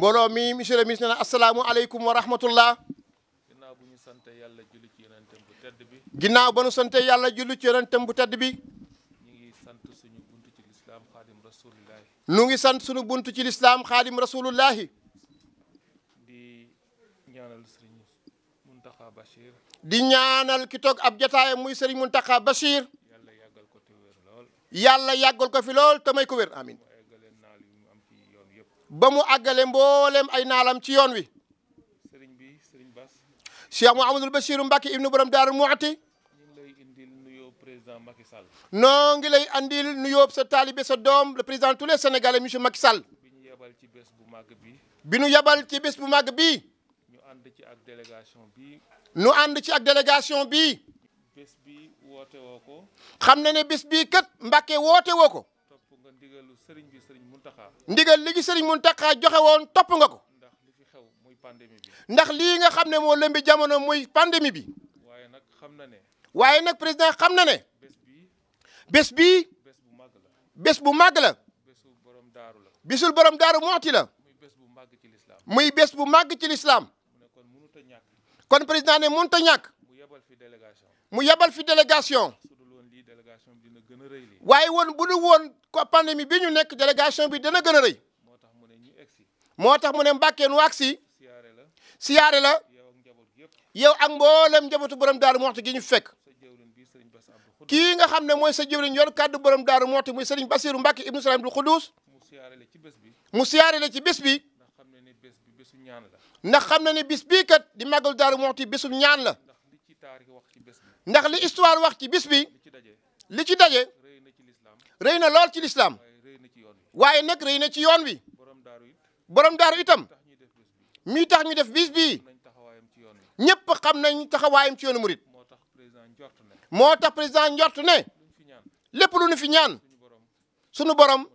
mbooloo mi monsieur le ministre nee na asalaamualeykum wa rahmatullah bu ñu sant yàlla julli ci yonentam bu tedd bi. ginnaaw ba ñu sant yàlla julli ci yonentam bu tedd bi. ñu ngi sant suñu buntu ci lislaam xaadim rasulullahi. ñu ngi sant suñu buntu ci lislaam xaadim rasulullahi. di ñaanal sëriñ Muntaxa Bachir. di ñaanal ki toog ab jataayam muy sëriñ Muntaxa Bachir. yàlla yàggal ko fi lool. yàlla yàggal ko fi lool te amin ba mu àggale mboolem ay naalam ci yoon wi. sëriñ bi sëriñ Bass. Cheikh Mouhamadul Bachir Mbacke ibnu borom Daaru Muxti. noo ngi lay andil nuyoo sa taalibe sa doom le président tous les sénégalais monsieur Macky Sall. bi ñu yebal ci bés bu màgg bi. bi ñu yebal ci bés bu màgg bi. ñu ànd ci ak délégation bi. ñu ànd ci ak délégation bi. bés bi woote woo ko. xam na ne bés bi kat Mbacke woote woo ko. ndigalu sëriñ bi sëriñ Muntaxa ndigal li ci sëriñ Muntaxa joxe woon topp nga ko ndax li fi xew muy pandémie bi ndax lii nga xam ne moo lëmbi jamono muy pandémie bi waaye nag xam na ne waaye nag président xam na ne bés bi bés bii bés bu màgg la bés bu màgg la bésul borom daaru la bésul borom daaru moxti la muy bes bu màgg ci lislaam muy bés bu màgg ci lislaam kon président ne mënut a ñàkk mu yebal fi délégation mu yebal fi délégation délégation bi dina gën a rëy lii. waaye woon bu dul woon ko bi ñu nekk délégation bi dana gën a moo tax mu ne ñu nu àgg siyaare la siyaare yow ak njaboot yëpp. yow ak mboolem njabootu borom daaru moxti gi ñu fekk. kii nga xam ne mooy sa jëwriñ yor kàddu borom daaru moxti muy Serigne Bassirou Mbacke Ibnu Salaam Abdul Xuduus. mu siyaare la ci bés bi. mu siyaare la ndax xam na ne bés bi bésu ñaan la. na ne bés bii kat di màggal daaru moxti bésu ñaan la. ndax li histoire wax ci bés bi. li ci li ci daje rëy na lool ci lislaam waaye nag rëy na ci yoon wi borom daaru itam mii tax ñu def bis bii ñëpp xam nañ taxawaayam ci yoonu murit moo tax président njort ne lépp lu nu fi ñaan sunu borom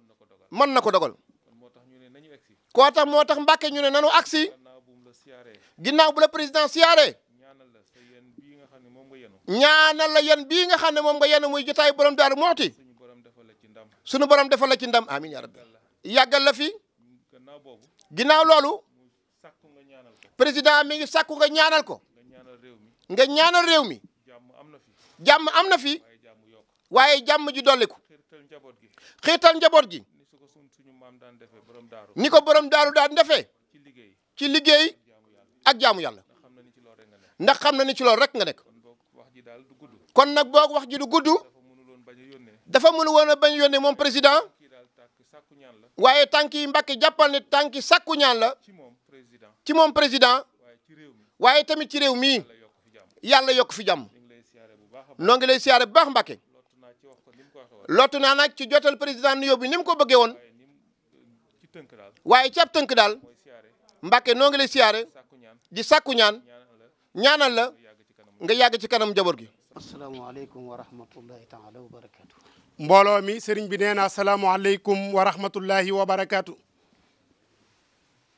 mën na ko dogal koo tax moo tax Mbàkke ñu ne nanu agsi ginnaaw bu la président siyaare ñaanal la yan bii nga xam ne moom nga yenn muy jotaay borom daaru moxti suñu borom defal la ci ndam amin ya rabbi yàggal la fi ginnaaw loolu président mi ngi sàkku nga ñaanal ko nga ñaanal réew mi jàmm am na fi waaye jàmm ji dolliku xiital njaboot gi ni ko borom daaru daan defee ci liggéey ak jaamu yàlla ndax xam na ni ci loolu rek nga nekk kon nag boog wax ji du gudd dafa mënu woon a bañ yónnee moom président waaye tànk yi Mbàkke jàppal ne tànk yi sàkku ñaan la ci moom président waaye tamit ci réew mii yàlla yokk fi jàmm noo ngi lay siyaare bu baax Mbàkke lottu naa nag ci jotal président nuyoo bi ni mu ko bëggee woon waaye ci ab tënk daal Mbàkke noo ngi lay siyaare di sàkku ñaan ñaanal la nga yàgg ci kanam njaboot gi. asalaamaaleykum wa rahmatullahi mbooloo mi sëriñ bi nee na asalaamaaleykum wa rahmatullahi wa barakaatu. ngi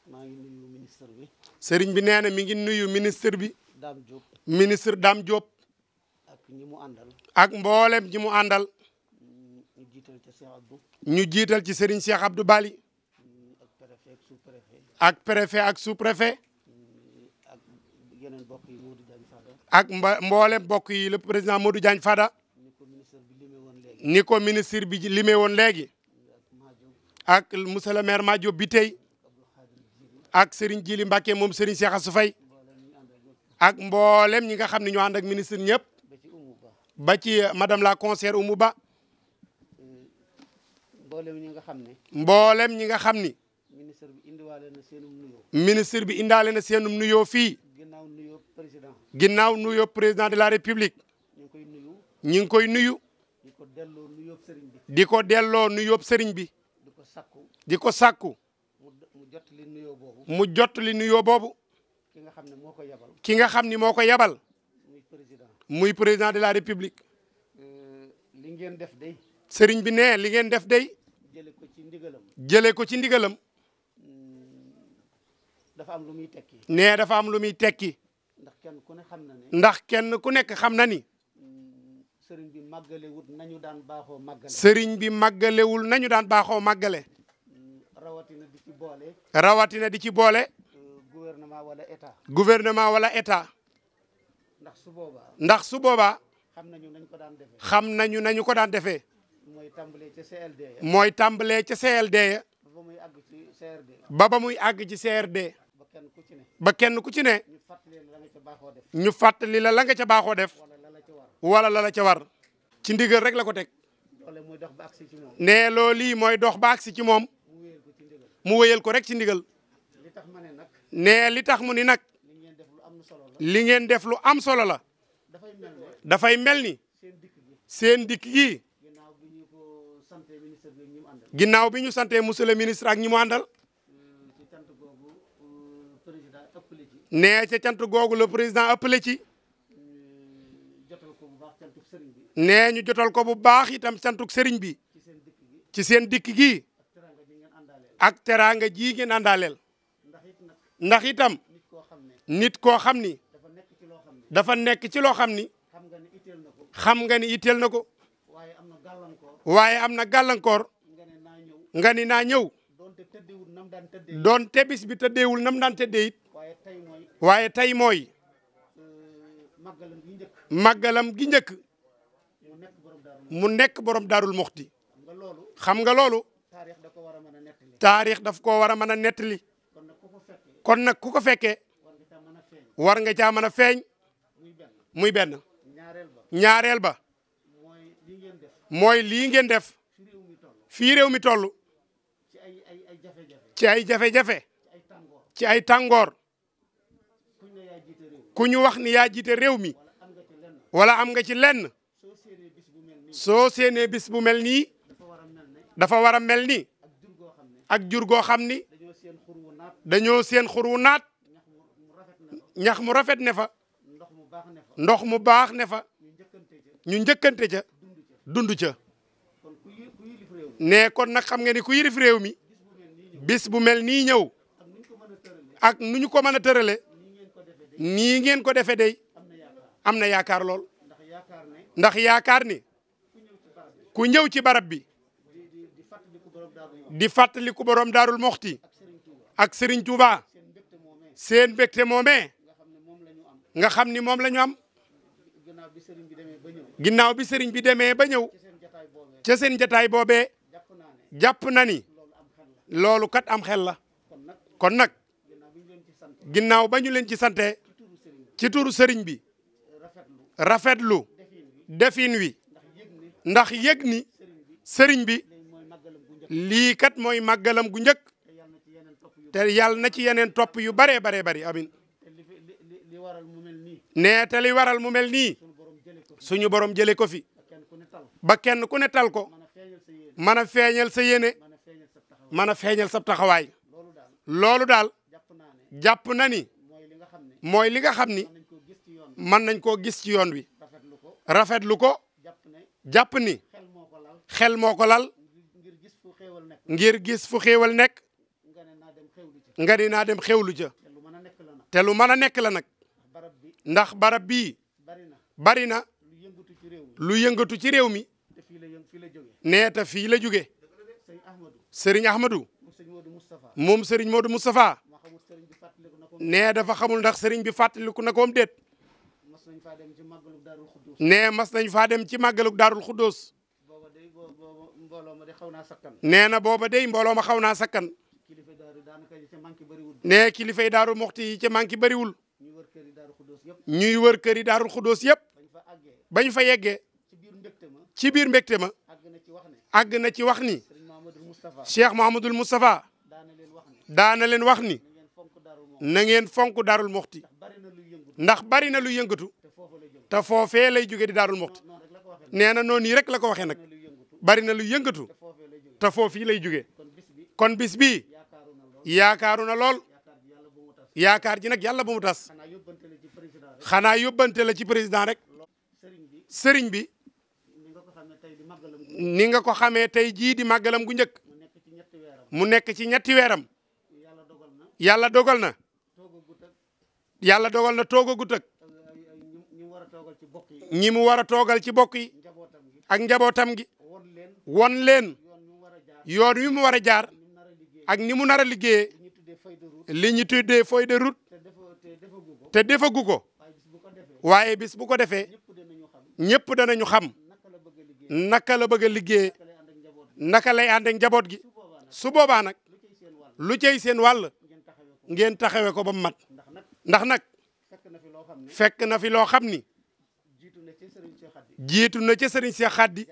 bi. sëriñ bi nee na mi ngi nuyu ministre bi. Dame Diop ministre Dame Diop. ak àndal. ak mboolem ñi mu àndal. ñu jiital ci Cheikh Abdou. ñu jiital ci sëriñ Cheikh Abdou Bali. ak préfet ak sous préfet. ak mba mboolem mbokk yi le président Modou Diagne Fada ni ko ministre bi limee woon léegi ak monsieur le maire Madiop bi tey ak Serigne jili Mbacké moom Serigne Cheikh Assou Faye ak mboolem ñi nga xam ne ñoo ànd ak ministre ñëpp ba ci madame la conseillère Oumou Ba mboolem ñi nga xam ne mboolem ñi nga xam ni ministre bi indaale na seenum nuyoo ministre bi indaale na seenum nuyoo fii ginnaaw nuyoo président de la république. ñu ngi koy nuyu. ñu ngi koy nuyu. di ko delloo nuyoo sëriñ bi. di ko delloo nuyoo sëriñ bi. di ko sakku. di ko sakku. mu jot li nuyoo boobu. mu jot li nuyoo boobu. ki nga xam ne moo ko yabal. ki nga xam ne moo ko yabal. muy président. muy président de la république. li ngeen def day. sëriñ bi ne li ngeen def day. jële ko ci ndigalam. jëlee ko ci ndigalam. dafa am lu muy tekki. nee dafa am lu muy tekki. ndax kenn ku ne xam na ne. ndax kenn ku nekk xam na ni. sëriñ bi màggalewul nañu daan baaxoo màggale. sëriñ bi màggalewul nañu daan baaxoo màggale. Mm, rawatina di ci boole. rawatina di ci boole. Mm, gouvernement wala état. gouvernement wala état. ndax su boobaa. ndax su boobaa. xam nañu nañu ko daan defee. xam nañu nañu ko daan defee. mooy tàmbalee ca CLD ya. mooy tàmbalee ca CLD muy àgg ci CRD. ba ba muy àgg ci CRD. ba kenn ku ci ba kenn ku ci ne. ñu fàttali la la nga ca baaxoo def wala la la ca war ci ndigal rek la ko teg ne loolu lii mooy dox ba si ci moom mu wéyal ko rek ci ndigal ne li tax mu ni nag li ngeen def lu am solo la dafay mel ni seen dikk gi ginnaaw bi ñu santee monsieur le ministre ak ñi mu àndal nee ca cant googu la président appelé ci. nee ñu jotal ko bu baax itam cantuk sëriñ bi. ci seen dikk gi. ak teraanga ji ngeen àndaaleel. ndax itam. nit koo xam ni. dafa nekk ci loo xam ni. xam nga ni itteel na ko. waaye am na gàllankoor. nga ni naa ñëw. doonte bis bi tëddeewul nam daan tëddee it. waaye tey mooy màggalam gi njëkk mu nekk borom daarul muxti xam nga loolu taarix daf koo war a mën a nettali kon nag ku ko fekkee war nga caa mën a feeñ muy benn ñaareel ba mooy lii ngeen def fii réew mi toll ci ay jafe-jafe ci ay tàngoor ku ñu wax ni yaa jiite réew mi wala am nga ci lenn soo séenee bis bu mel nii dafa war a mel ni ak jur goo xam ni dañoo seen xur wu naat ñax mu rafet ne fa ndox mu baax ne fa ñu njëkkante ca dund ca ne kon nag xam nga ni ku yilif réew mi bis bu mel nii ñëw ak nu ñu ko mën a tërale nii ngeen ko defee day am na yaakaar lool ndax yaakaar ni ku ñëw ci barab bi di fàttali ku borom daarul moxti ak Serigne Touba seen mbégte moomee nga xam ni moom la am ginnaaw bi Serigne bi demee ba ñëw ca seen jataay boobee jàpp na ni loolu kat am xel la kon nag ginnaaw ba ñu leen ci sante ci turu sëriñ bi rafetlu defin wi ndax yëg ni sëriñ bi lii kat mooy màggalam gu njëkk te yàlla na ci yeneen topp yu baree baree bari amin nee te li waral mu mel nii suñu borom jëlee ko fi ba kenn ku ne tal ko mën a feeñal sa yéene mën a feeñal sa taxawaay loolu daal jàpp na ni mooy li nga xam ni mën nañ koo gis ci yoon wi rafetlu ko jàpp ni xel moo ko lal ngir gis fu xéewal nekk nga ni naa dem xewlu ja te lu mën a nekk la nag ndax barab bii bari na lu yëngatu ci réew mi nee te fii la jóge sëriñ Ahmadou moom sëriñ Modou Moustapha nee dafa xamul ndax sëriñ bi fàttaliku na koom déet. nee mas nañ faa dem ci màggaluk daarul xuddoos. nee na booba day mbooloo ma xaw naa sakkan. nee kilifay daaru moxti yi ca manki bariwul ñuy wër kër yi daarul xuddoos yëpp. bañ fa yeggee. ci biir mbégte ma. àgg na ci wax ni. Cheikh Mouhamadul Moustapha. daana leen wax ni. na ngeen fonk daarul moxti ndax bari na lu yëngatu te foofee lay jóge di daarul moxti nee na noonu yi rek la ko waxee nag bari na lu yëngatu te foofii lay jóge kon bis bii yaakaaru na lool yaakaar ji nag yàlla bu mu tas xanaa yóbbante la ci président rek sëriñ bi ni nga ko xamee tey jii di màggalam gu njëkk mu nekk ci ñetti weeram yàlla dogal na yàlla dogal na toogagut ak ñi mu war a toogal ci bokk yi ak njabootam gi won leen yoon wi mu war a jaar ak ni mu nar a liggéeyee li ñu tuddee feuille de route te defagu ko waaye bis bu ko defee ñëpp danañu xam naka la bëgg a liggéeyee naka lay ànd ak njaboot gi su boobaa nag lu cey seen wàll ngeen taxawee ko ba mu mat ndax nag fekk na fi loo xam ni jiitu na ci sëriñ Cheikh Khady jiitu na ci sëriñ Cheikh Khady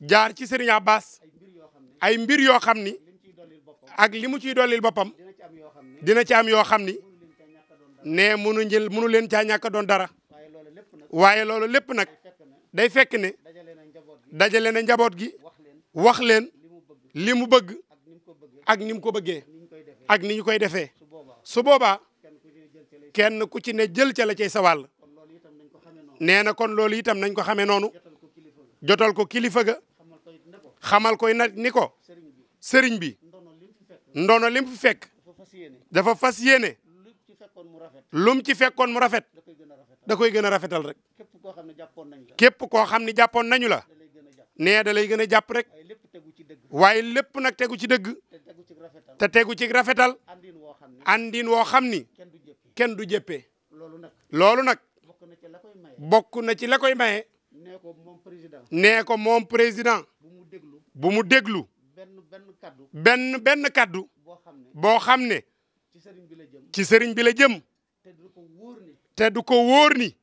jaar ci sëriñ Abbas ay mbir yoo xam ni ak li mu ciy dollil boppam dina ci am yoo xam ni ne munu jël munu leen caa ñàkk doon dara waaye loolu lépp nag day fekk ne dajale na njaboot gi wax leen li mu bëgg ak ni mu ko bëggee ak ni ñu koy defee su boobaa. kenn ku ci ne jël ca la cay sa wàll nee na kon loolu itam nañ ko xamee noonu jotal ko kilifa ga xamal koy nag ni ko sëriñ bi ndono lim fi fekk dafa fas yéene lum ci fekkoon mu rafet da koy gën a rafetal rek képp koo xam ne jàppoon nañu la nee da lay gën a jàpp rek waaye lépp nag tegu ci dëgg te tegu ci rafetal andin woo xam ni kenn du jëppee. loolu nag loolu nag. bokk na ci la koy maye. na ci la koy maye. nee ko moom président. nee ko moom président. bu mu déglu bu mu déglu. benn benn kaddu. benn benn kaddu. boo xam ne boo xam ne. ci sëriñ bi la jëm ci sëriñ bi la jëm. ko wóor ni. te du ko wóor ni.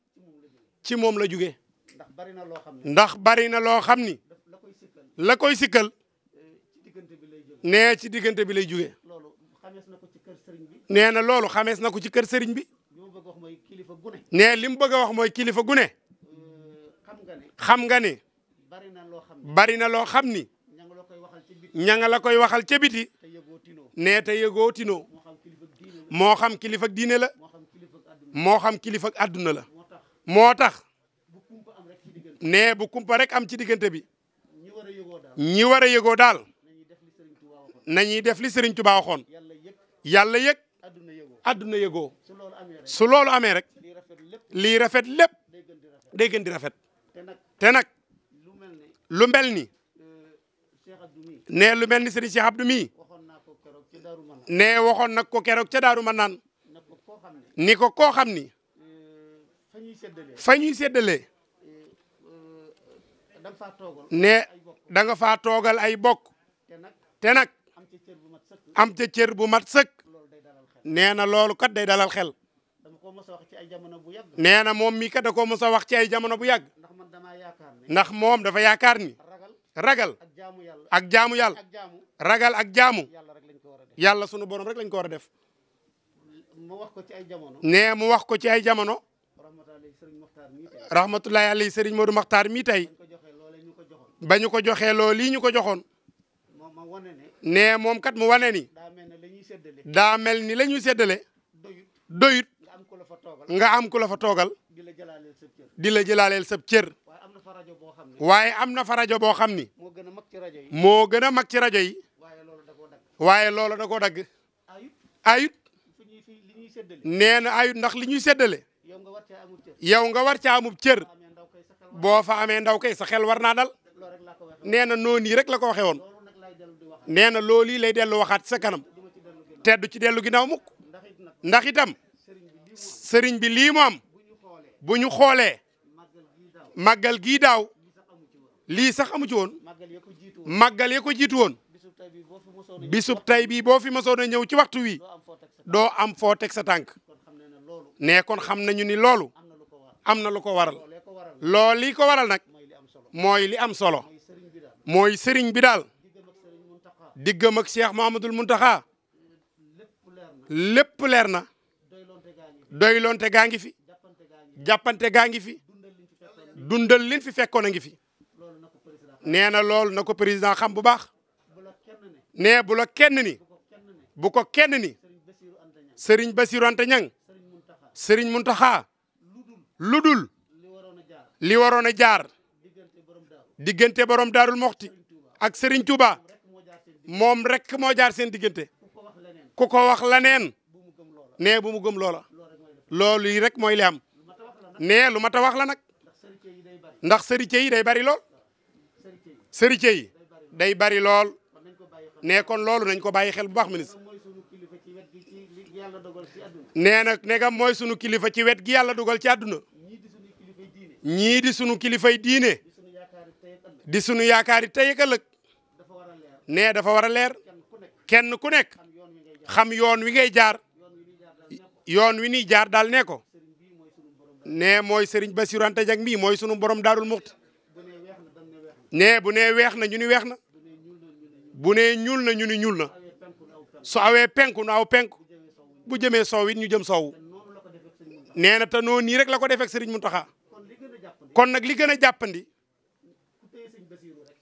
ci moom la juge ndax bari na loo xam bari na loo xam ni. la koy sikkal la koy sikkal. Eh, nee ci diggante bi lay jugee. nee na loolu xamees na ko ci kër sëriñ bi. nee li mu bëgg a wax mooy kilifa gune xam nga ne. bari na loo xam ni bari na loo xam ni. ña nga la koy waxal ca biti. nee te yëgoo moo xam kilifa diine la. moo xam kilifa àdduna la. moo tax. nee bu kumpa rek am ci diggante bi. ñi war a yëgoo daal. nañuy def li Serigne Touba waxoon. yàlla yëg. àdduna yëgoo su loolu amee rek lii rafet lépp day gën di rafet te nag lu mel ni euh, ne lu mel ni Serigne Cheikh Abdou mii ne waxoon nag ko keroog ca Daaru Manaan ni ko koo xam ni euh, fa ñuy séddalee euh, ne da nga faa toogal ay bokk te nag am ca cër bu mat sëkk nee na loolu kat day dalal xel. nee na moom mii kat da koo mos a wax ci ay jamono bu yàgg. ndax moom dafa yaakaar ni. ragal ak jaamu yàlla ragal ak jaamu yàlla sunu borom rek lañ ko war a def. nee mu wax ko ci ay jamono. rahmatullahi alayhi sëriñ Modou Makhtar mii tey. ba ñu ko joxee loolu lii ñu ko joxoon. nee moom kat mu wane ni. daa mel ni la ñuy séddale. doyut nga am ku la fa toogal. di la jëlaaleel sab cër. di la jëlaaleel sab cër. waaye am na fa rajo boo xam ni. moo gën a mag ci rajo yi. moo gën mag ci rajo yi. waaye loolu da koo dagg. ayut. nee na ayut ndax li ñuy séddale. yow nga war caa amub cër. boo fa amee ndaw kay sa xel war naa dal. nee na noonu yi rek la ko waxee woon. nee na loolu yi lay dellu waxaat sa kanam ci dellu ginnaaw mukk ndax itam sëriñ bi lii mu am bu ñu xoolee màggal gii daaw lii sax amu woon màggal ya ko jiitu woon bisub tey bii boo fi mosoon a ñëw ci waxtu wi doo am foo teg sa tànk ne kon xam nañu ni loolu am na lu ko waral loolu li ko waral nag mooy li am solo mooy sëriñ bi daal diggam ak Cheikh Mouhamadoul Mountakha lépp leer na doy loonte gaa ngi fi jàppante gaa ngi fi dundal liñ fi fekkoon a ngi fi nee na loolu na ko président xam bu baax nee bu la kenn ni ko kenn ni Serigne Bassirou Anta Niang Serigne Mountakha lu dul li waroon a jaar diggante borom daarul moxti ak Serigne Touba moom rek moo jaar seen diggante ku ko wax leneen nee bu mu gëm loola loolu yi rek mooy li am nee lu mat a wax la nag ndax sëricé yi day bari lool sëricé yi day bari lool nee kon loolu nañ ko bàyyi xel bu baax ministre nee nag negam mooy sunu kilifa ci wet gi yàlla dugal ci àdduna ñii di sunu kilifay diine di sunu yaakaari tey ak ëllëg nee dafa war a leer kenn ku nekk xam yoon wi ngay jaar yoon wi ni jaar daal ne ko nee mooy sëriñ Bassirou Anta Diagne mii mooy sunu borom daadul muxti nee bu nee weex na ñu ni weex na bu nee ñuul na ñu ni ñuul na su awee penku nu aw penk bu jëmee soow it ñu jëm soowu nee na te noo nii rek la ko defee sëriñ Serigne Mountakha kon nag li gën a jàppandi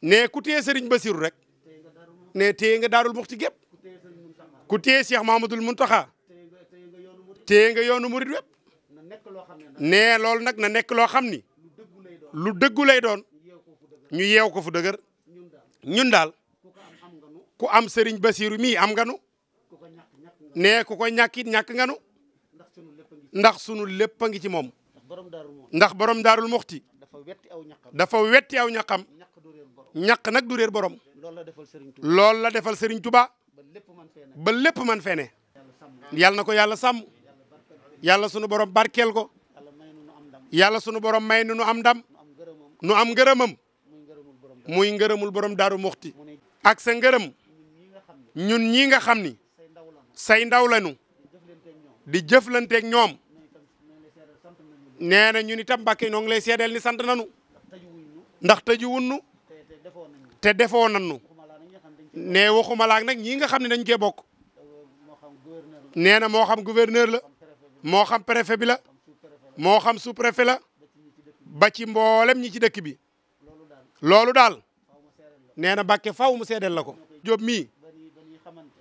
ne ku téye Serigne Bassirou rek. ne téye nga daarul muxti gépp ku téye Cheikh Mamadul Muntaxa téye nga yoonu murid wépp ne loolu nag na nekk loo xam ni lu dëggu lay doon ñu yeew ko fu dëgër ñun daal ku am sëriñ Basiru mii am nga nu ne ku ko ñàkkit ñàkk nganu ndax sunu lépp a ngi ci moom ndax borom daarul muxti dafa wetti aw ñaqam ñaq nag du réer borom loolu la defal Serigne Touba loolu la defal Serigne Touba ba lépp man fee ne yàlla na ko yàlla sàmm yàlla sunu borom barkel ko yàlla sunu borom may nu nu am ndam nu am ngërëmam muy ngërëmul borom daaru muxti ak sa ngërëm ñun ñii nga xam ni say ndaw lañu di jëflanteeg ñoom nee na ñun itam Mbàkke noo lay seedeel ni sant nañu ndax tëju wunnu te defoo nannu ne waxuma laak nag ñii nga xam ne dañ cee bokk nee na moo xam gouverneur la moo xam préfet bi la moo xam sous la ba ci mboolem ñi ci dëkk bi loolu daal nee na Mbàkke faw mu seedeel la ko Jóob mii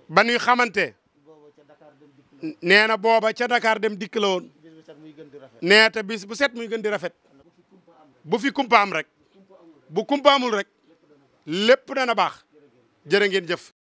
ba ñuy xamante nee na booba ca Dakar dem dikk la woon nee te bu set muy gën di rafet bu fi kumpa am rek bu kumpa amul rek lépp dana baax jërë ngeen jëf